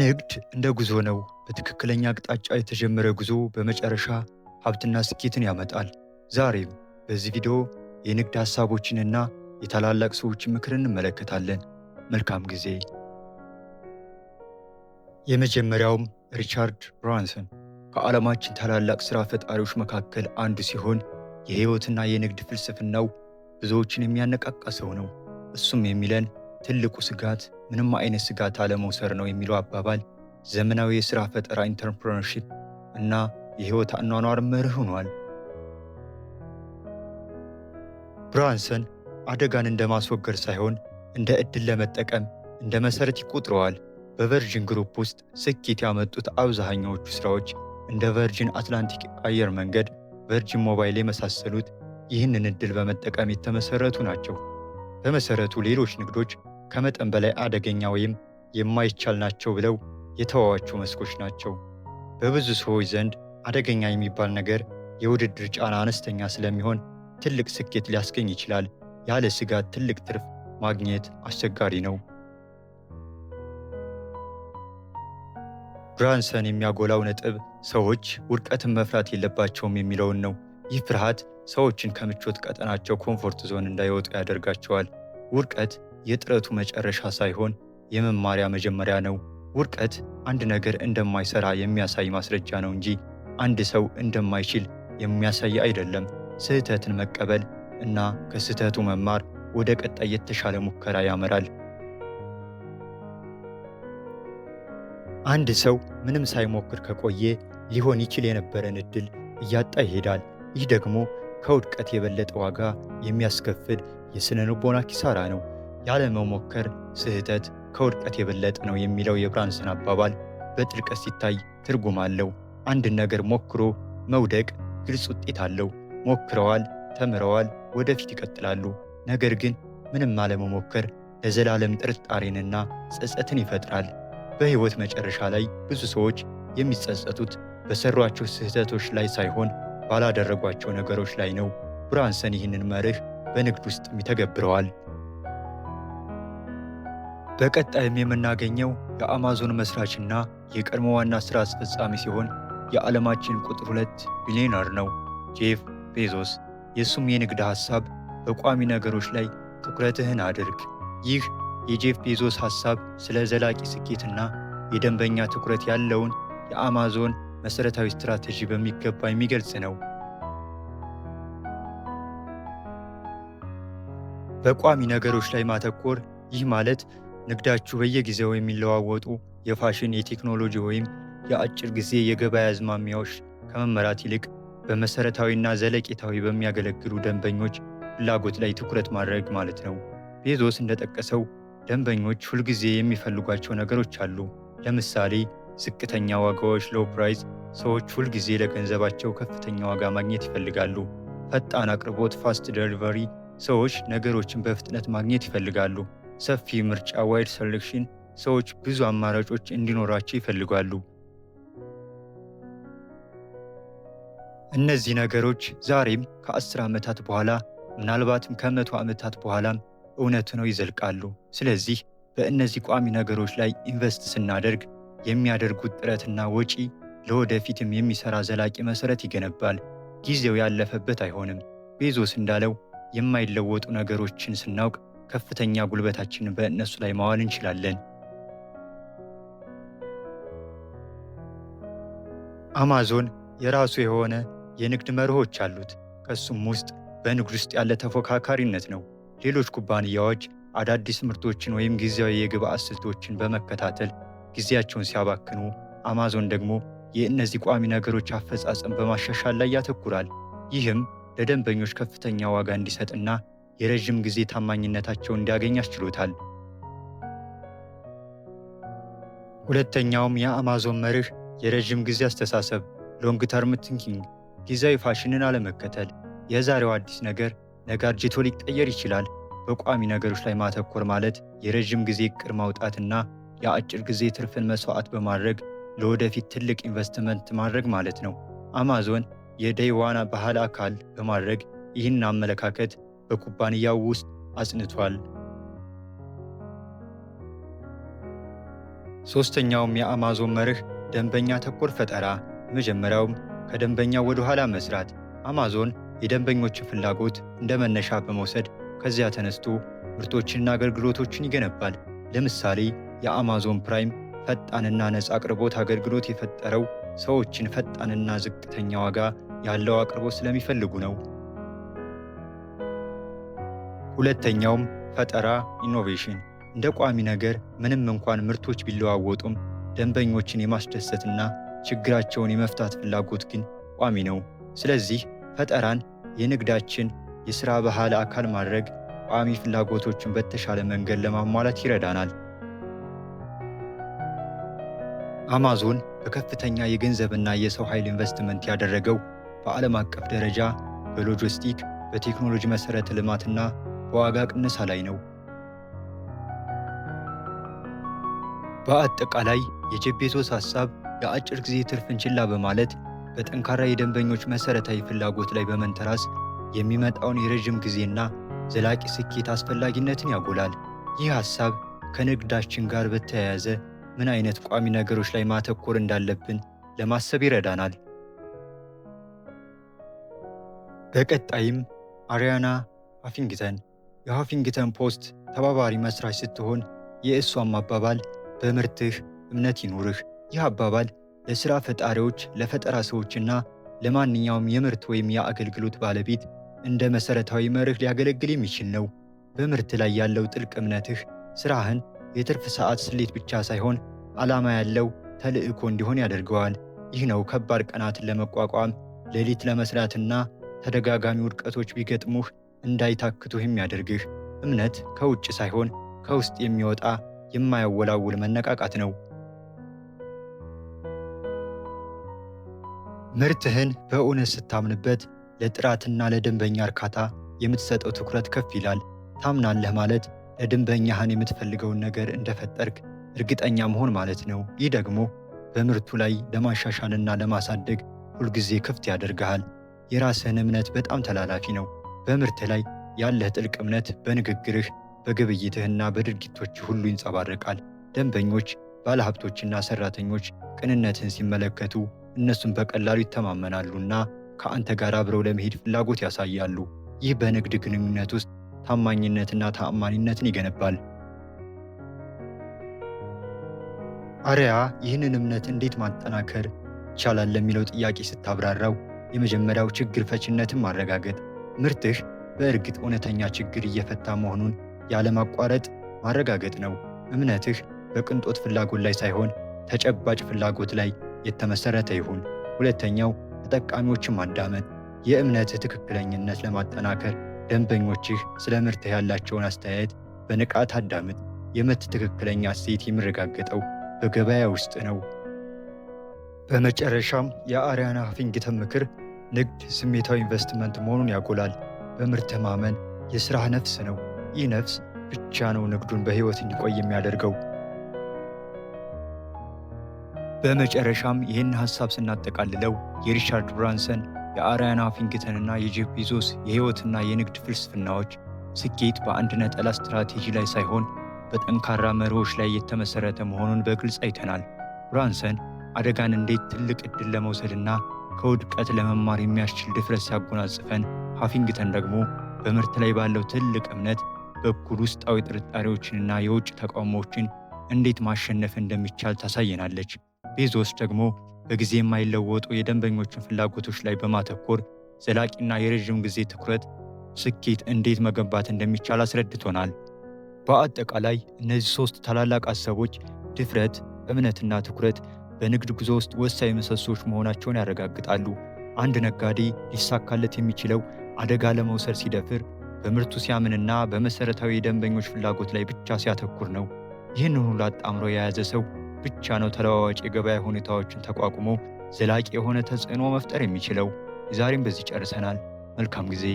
ንግድ እንደ ጉዞ ነው። በትክክለኛ አቅጣጫ የተጀመረ ጉዞ በመጨረሻ ሀብትና ስኬትን ያመጣል። ዛሬም በዚህ ቪዲዮ የንግድ ሐሳቦችንና የታላላቅ ሰዎችን ምክር እንመለከታለን። መልካም ጊዜ። የመጀመሪያውም ሪቻርድ ብራንሰን ከዓለማችን ታላላቅ ሥራ ፈጣሪዎች መካከል አንዱ ሲሆን የሕይወትና የንግድ ፍልስፍናው ብዙዎችን የሚያነቃቃ ሰው ነው። እሱም የሚለን ትልቁ ስጋት ምንም አይነት ስጋት አለመውሰር ነው የሚለው አባባል ዘመናዊ የሥራ ፈጠራ ኢንተርፕረነርሺፕ እና የሕይወት አኗኗር መርህ ሆኗል። ብራንሰን አደጋን እንደ ማስወገድ ሳይሆን እንደ ዕድል ለመጠቀም እንደ መሠረት ይቆጥረዋል። በቨርጂን ግሩፕ ውስጥ ስኬት ያመጡት አብዛኛዎቹ ሥራዎች እንደ ቨርጂን አትላንቲክ አየር መንገድ፣ ቨርጂን ሞባይል የመሳሰሉት ይህንን ዕድል በመጠቀም የተመሠረቱ ናቸው። በመሠረቱ ሌሎች ንግዶች ከመጠን በላይ አደገኛ ወይም የማይቻል ናቸው ብለው የተዋዋቸው መስኮች ናቸው። በብዙ ሰዎች ዘንድ አደገኛ የሚባል ነገር የውድድር ጫና አነስተኛ ስለሚሆን ትልቅ ስኬት ሊያስገኝ ይችላል። ያለ ስጋት ትልቅ ትርፍ ማግኘት አስቸጋሪ ነው። ብራንሰን የሚያጎላው ነጥብ ሰዎች ውድቀትን መፍራት የለባቸውም የሚለውን ነው። ይህ ፍርሃት ሰዎችን ከምቾት ቀጠናቸው ኮምፎርት ዞን እንዳይወጡ ያደርጋቸዋል። ውድቀት የጥረቱ መጨረሻ ሳይሆን የመማሪያ መጀመሪያ ነው። ውድቀት አንድ ነገር እንደማይሰራ የሚያሳይ ማስረጃ ነው እንጂ አንድ ሰው እንደማይችል የሚያሳይ አይደለም። ስህተትን መቀበል እና ከስህተቱ መማር ወደ ቀጣይ የተሻለ ሙከራ ያመራል። አንድ ሰው ምንም ሳይሞክር ከቆየ ሊሆን ይችል የነበረን እድል እያጣ ይሄዳል። ይህ ደግሞ ከውድቀት የበለጠ ዋጋ የሚያስከፍል የስነ ልቦና ኪሳራ ነው። ያለመሞከር ስህተት ከውድቀት የበለጠ ነው የሚለው የብራንሰን አባባል በጥልቀት ሲታይ ትርጉም አለው። አንድን ነገር ሞክሮ መውደቅ ግልጽ ውጤት አለው። ሞክረዋል፣ ተምረዋል፣ ወደፊት ይቀጥላሉ። ነገር ግን ምንም አለመሞከር ለዘላለም ጥርጣሬንና ጸጸትን ይፈጥራል። በሕይወት መጨረሻ ላይ ብዙ ሰዎች የሚጸጸቱት በሰሯቸው ስህተቶች ላይ ሳይሆን ባላደረጓቸው ነገሮች ላይ ነው። ብራንሰን ይህንን መርህ በንግድ ውስጥም ይተገብረዋል። በቀጣይም የምናገኘው የአማዞን መስራችና የቀድሞ ዋና ስራ አስፈጻሚ ሲሆን የዓለማችን ቁጥር ሁለት ቢሊዮነር ነው ጄፍ ቤዞስ። የእሱም የንግድ ሐሳብ በቋሚ ነገሮች ላይ ትኩረትህን አድርግ። ይህ የጄፍ ቤዞስ ሐሳብ ስለ ዘላቂ ስኬትና የደንበኛ ትኩረት ያለውን የአማዞን መሠረታዊ ስትራቴጂ በሚገባ የሚገልጽ ነው። በቋሚ ነገሮች ላይ ማተኮር ይህ ማለት ንግዳችሁ በየጊዜው የሚለዋወጡ የፋሽን፣ የቴክኖሎጂ ወይም የአጭር ጊዜ የገበያ አዝማሚያዎች ከመመራት ይልቅ በመሰረታዊና ዘለቄታዊ በሚያገለግሉ ደንበኞች ፍላጎት ላይ ትኩረት ማድረግ ማለት ነው። ቤዞስ እንደጠቀሰው ደንበኞች ሁልጊዜ የሚፈልጓቸው ነገሮች አሉ። ለምሳሌ ዝቅተኛ ዋጋዎች ሎው ፕራይስ። ሰዎች ሁልጊዜ ለገንዘባቸው ከፍተኛ ዋጋ ማግኘት ይፈልጋሉ። ፈጣን አቅርቦት ፋስት ደሊቨሪ። ሰዎች ነገሮችን በፍጥነት ማግኘት ይፈልጋሉ። ሰፊ ምርጫ ዋይድ ሰሌክሽን ሰዎች ብዙ አማራጮች እንዲኖራቸው ይፈልጋሉ። እነዚህ ነገሮች ዛሬም ከአስር ዓመታት በኋላ ምናልባትም ከመቶ ዓመታት በኋላም እውነት ነው ይዘልቃሉ። ስለዚህ በእነዚህ ቋሚ ነገሮች ላይ ኢንቨስት ስናደርግ የሚያደርጉት ጥረትና ወጪ ለወደፊትም የሚሰራ ዘላቂ መሰረት ይገነባል። ጊዜው ያለፈበት አይሆንም። ቤዞስ እንዳለው የማይለወጡ ነገሮችን ስናውቅ ከፍተኛ ጉልበታችንን በእነሱ ላይ ማዋል እንችላለን። አማዞን የራሱ የሆነ የንግድ መርሆች አሉት። ከሱም ውስጥ በንግድ ውስጥ ያለ ተፎካካሪነት ነው። ሌሎች ኩባንያዎች አዳዲስ ምርቶችን ወይም ጊዜያዊ የግብአት ስልቶችን በመከታተል ጊዜያቸውን ሲያባክኑ፣ አማዞን ደግሞ የእነዚህ ቋሚ ነገሮች አፈጻጸም በማሻሻል ላይ ያተኩራል። ይህም ለደንበኞች ከፍተኛ ዋጋ እንዲሰጥና የረዥም ጊዜ ታማኝነታቸው እንዲያገኝ አስችሎታል። ሁለተኛውም የአማዞን መርህ የረዥም ጊዜ አስተሳሰብ ሎንግ ተርም ቲንኪንግ፣ ጊዜያዊ ፋሽንን አለመከተል። የዛሬው አዲስ ነገር ነገ አርጅቶ ሊቀየር ይችላል። በቋሚ ነገሮች ላይ ማተኮር ማለት የረዥም ጊዜ እቅድ ማውጣትና የአጭር ጊዜ ትርፍን መስዋዕት በማድረግ ለወደፊት ትልቅ ኢንቨስትመንት ማድረግ ማለት ነው። አማዞን የደይዋና ባህል አካል በማድረግ ይህን አመለካከት በኩባንያው ውስጥ አጽንቷል። ሦስተኛውም የአማዞን መርህ ደንበኛ ተኮር ፈጠራ፣ የመጀመሪያውም ከደንበኛ ወደ ኋላ መስራት። አማዞን የደንበኞችን ፍላጎት እንደ መነሻ በመውሰድ ከዚያ ተነስቶ ምርቶችንና አገልግሎቶችን ይገነባል። ለምሳሌ የአማዞን ፕራይም ፈጣንና ነፃ አቅርቦት አገልግሎት የፈጠረው ሰዎችን ፈጣንና ዝቅተኛ ዋጋ ያለው አቅርቦት ስለሚፈልጉ ነው። ሁለተኛውም ፈጠራ ኢኖቬሽን እንደ ቋሚ ነገር ምንም እንኳን ምርቶች ቢለዋወጡም ደንበኞችን የማስደሰትና ችግራቸውን የመፍታት ፍላጎት ግን ቋሚ ነው። ስለዚህ ፈጠራን የንግዳችን የሥራ ባህል አካል ማድረግ ቋሚ ፍላጎቶችን በተሻለ መንገድ ለማሟላት ይረዳናል። አማዞን በከፍተኛ የገንዘብና የሰው ኃይል ኢንቨስትመንት ያደረገው በዓለም አቀፍ ደረጃ በሎጂስቲክ፣ በቴክኖሎጂ መሠረተ ልማትና በዋጋ ቅነሳ ላይ ነው። በአጠቃላይ የጄፍ ቤዞስ ሐሳብ የአጭር ጊዜ ትርፍን ችላ በማለት በጠንካራ የደንበኞች መሠረታዊ ፍላጎት ላይ በመንተራስ የሚመጣውን የረዥም ጊዜና ዘላቂ ስኬት አስፈላጊነትን ያጎላል። ይህ ሐሳብ ከንግዳችን ጋር በተያያዘ ምን አይነት ቋሚ ነገሮች ላይ ማተኮር እንዳለብን ለማሰብ ይረዳናል። በቀጣይም አሪያና አፊንግተን የሃፊንግተን ፖስት ተባባሪ መስራች ስትሆን የእሷም አባባል በምርትህ እምነት ይኑርህ። ይህ አባባል ለሥራ ፈጣሪዎች፣ ለፈጠራ ሰዎችና ለማንኛውም የምርት ወይም የአገልግሎት ባለቤት እንደ መሠረታዊ መርህ ሊያገለግል የሚችል ነው። በምርት ላይ ያለው ጥልቅ እምነትህ ሥራህን የትርፍ ሰዓት ስሌት ብቻ ሳይሆን ዓላማ ያለው ተልዕኮ እንዲሆን ያደርገዋል። ይህ ነው ከባድ ቀናትን ለመቋቋም ሌሊት ለመስራትና ተደጋጋሚ ውድቀቶች ቢገጥሙህ እንዳይታክቱህ የሚያደርግህ እምነት ከውጭ ሳይሆን ከውስጥ የሚወጣ የማያወላውል መነቃቃት ነው። ምርትህን በእውነት ስታምንበት ለጥራትና ለደንበኛ እርካታ የምትሰጠው ትኩረት ከፍ ይላል። ታምናለህ ማለት ለደንበኛህን የምትፈልገውን ነገር እንደፈጠርክ እርግጠኛ መሆን ማለት ነው። ይህ ደግሞ በምርቱ ላይ ለማሻሻልና ለማሳደግ ሁልጊዜ ክፍት ያደርግሃል። የራስህን እምነት በጣም ተላላፊ ነው። በምርት ላይ ያለህ ጥልቅ እምነት በንግግርህ በግብይትህና በድርጊቶች ሁሉ ይንጸባረቃል። ደንበኞች፣ ባለሀብቶችና ሰራተኞች ቅንነትህን ሲመለከቱ እነሱን በቀላሉ ይተማመናሉና ከአንተ ጋር አብረው ለመሄድ ፍላጎት ያሳያሉ። ይህ በንግድ ግንኙነት ውስጥ ታማኝነትና ተአማኒነትን ይገነባል። አርያ ይህንን እምነት እንዴት ማጠናከር ይቻላል ለሚለው ጥያቄ ስታብራራው የመጀመሪያው ችግር ፈችነትን ማረጋገጥ ምርትህ በእርግጥ እውነተኛ ችግር እየፈታ መሆኑን ያለማቋረጥ ማረጋገጥ ነው። እምነትህ በቅንጦት ፍላጎት ላይ ሳይሆን ተጨባጭ ፍላጎት ላይ የተመሰረተ ይሁን። ሁለተኛው ተጠቃሚዎችን ማዳመጥ፣ የእምነትህ ትክክለኝነት ለማጠናከር ደንበኞችህ ስለ ምርትህ ያላቸውን አስተያየት በንቃት አዳምጥ። የምርት ትክክለኛ እሴት የሚረጋገጠው በገበያ ውስጥ ነው። በመጨረሻም የአርያና ፊንግተን ምክር ንግድ ስሜታዊ ኢንቨስትመንት መሆኑን ያጎላል። በምርት ማመን የሥራ ነፍስ ነው። ይህ ነፍስ ብቻ ነው ንግዱን በሕይወት እንዲቆይ የሚያደርገው። በመጨረሻም ይህን ሐሳብ ስናጠቃልለው የሪቻርድ ብራንሰን የአርያና ፊንግተንና የጄፍ ቤዞስ የሕይወትና የንግድ ፍልስፍናዎች ስኬት በአንድ ነጠላ ስትራቴጂ ላይ ሳይሆን በጠንካራ መርሆች ላይ የተመሠረተ መሆኑን በግልጽ አይተናል። ብራንሰን አደጋን እንዴት ትልቅ ዕድል ለመውሰድና ከውድቀት ለመማር የሚያስችል ድፍረት ሲያጎናጽፈን፣ ሀፊንግተን ደግሞ በምርት ላይ ባለው ትልቅ እምነት በኩል ውስጣዊ ጥርጣሬዎችንና የውጭ ተቃውሞዎችን እንዴት ማሸነፍ እንደሚቻል ታሳየናለች። ቤዞስ ደግሞ በጊዜ የማይለወጡ የደንበኞችን ፍላጎቶች ላይ በማተኮር ዘላቂና የረዥም ጊዜ ትኩረት ስኬት እንዴት መገንባት እንደሚቻል አስረድቶናል። በአጠቃላይ እነዚህ ሦስት ታላላቅ ሐሳቦች ድፍረት፣ እምነትና ትኩረት በንግድ ጉዞ ውስጥ ወሳኝ ምሰሶች መሆናቸውን ያረጋግጣሉ። አንድ ነጋዴ ሊሳካለት የሚችለው አደጋ ለመውሰድ ሲደፍር፣ በምርቱ ሲያምንና በመሠረታዊ የደንበኞች ፍላጎት ላይ ብቻ ሲያተኩር ነው። ይህን ሁሉ አጣምሮ የያዘ ሰው ብቻ ነው ተለዋዋጭ የገበያ ሁኔታዎችን ተቋቁሞ ዘላቂ የሆነ ተጽዕኖ መፍጠር የሚችለው። ዛሬም በዚህ ጨርሰናል። መልካም ጊዜ